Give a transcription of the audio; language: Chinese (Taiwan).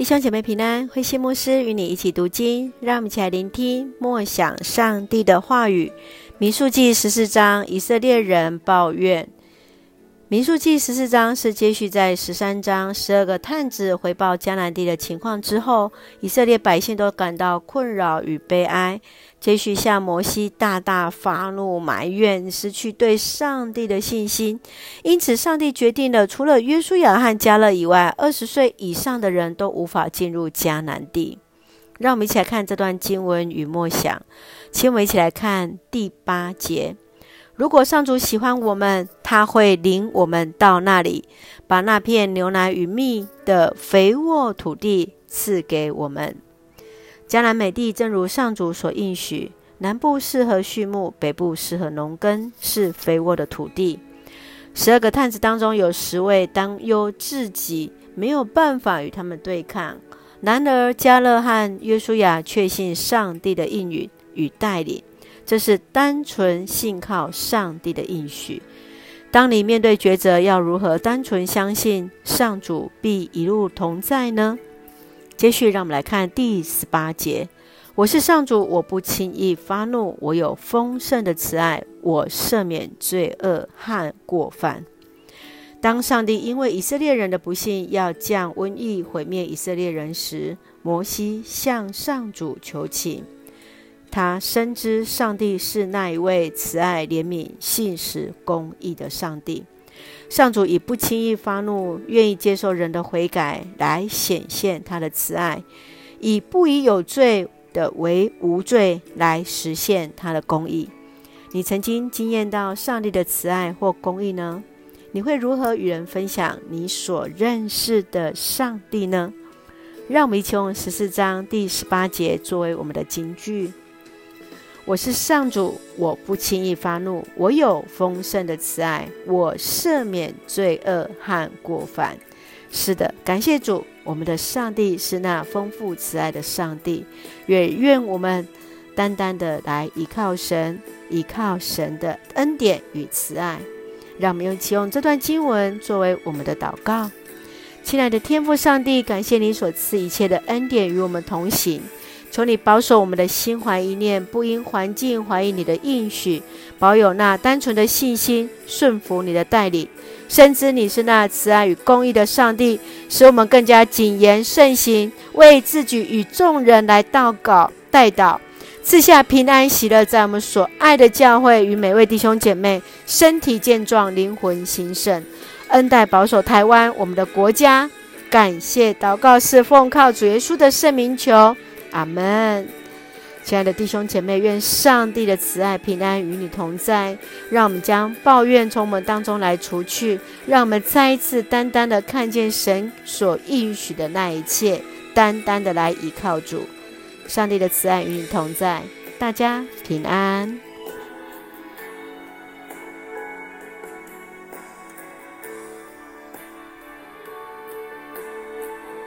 弟兄姐妹平安，慧馨牧師與你一起讀經，讓我們一起來聆聽默想上帝的話語，《民數記》十四章，以色列人抱怨。民數記十四章是接續在十三章十二個探子回報迦南地的情況之後，以色列百姓都感到困擾與悲哀，接續向摩西大大發怒埋怨，失去對上帝的信心，因此上帝決定了除了約書亞和迦勒以外，二十歲以上的人都無法進入迦南地。讓我們一起來看這段經文與默想，請我們一起來看第八節。如果上主喜歡我們，他會領我們到那裡，把那片牛奶與蜜的肥沃土地賜給我們。迦南美地正如上主所應許，南部適合畜牧，北部適合農耕，是肥沃的土地。十二個探子當中有十位擔憂自己沒有辦法與他們對抗，然而迦勒和約書亞確信上帝的應允與帶領，這是單純信靠上帝的應許。當你面對抉擇，要如何單純相信上主必一路同在呢？接續，讓我們來看第十八節。我是上主，我不輕易發怒，我有豐盛的慈愛，我赦免罪惡和過犯。當上帝因為以色列人的不信要降瘟疫毀滅以色列人時，摩西向上主求情。他深知上帝是那一位慈愛、憐憫、信實、公義的上帝。上主以不輕易發怒，願意接受人的悔改來顯現他的慈愛；以不以有罪的為無罪來實現他的公義。你曾經經驗到上帝的慈愛或公義呢？你會如何與人分享你所認識的上帝呢？讓我們一起用十四章第十八節作為我們的金句。我是上主，我不輕易發怒，我有豐盛的慈愛，我赦免罪惡和過犯。是的，感謝主，我們的上帝是那豐富慈愛的上帝。也願我們單單的來依靠神，依靠神的恩典與慈愛。讓我們用一起用這段經文作為我們的禱告。親愛的天父上帝，感謝你所賜一切的恩典與我們同行。求你保守我們的心懷意念，不因環境懷疑你的應許，保有那單純的信心，順服你的帶領，深知你是那慈愛與公義的上帝，使我們更加謹言慎行，為自己與眾人來禱告代禱，賜下平安喜樂在我們所愛的教會與每位弟兄姐妹，身體健壯，靈魂興盛，恩待保守台灣我們的國家。感謝禱告是奉靠主耶穌的聖名求。阿門，親愛的弟兄姐妹，願上帝的慈愛平安與你同在。讓我們將抱怨從我們當中來除去，讓我們再一次單單的看見神所應許的那一切，單單的來依靠主。上帝的慈愛與你同在，大家平安。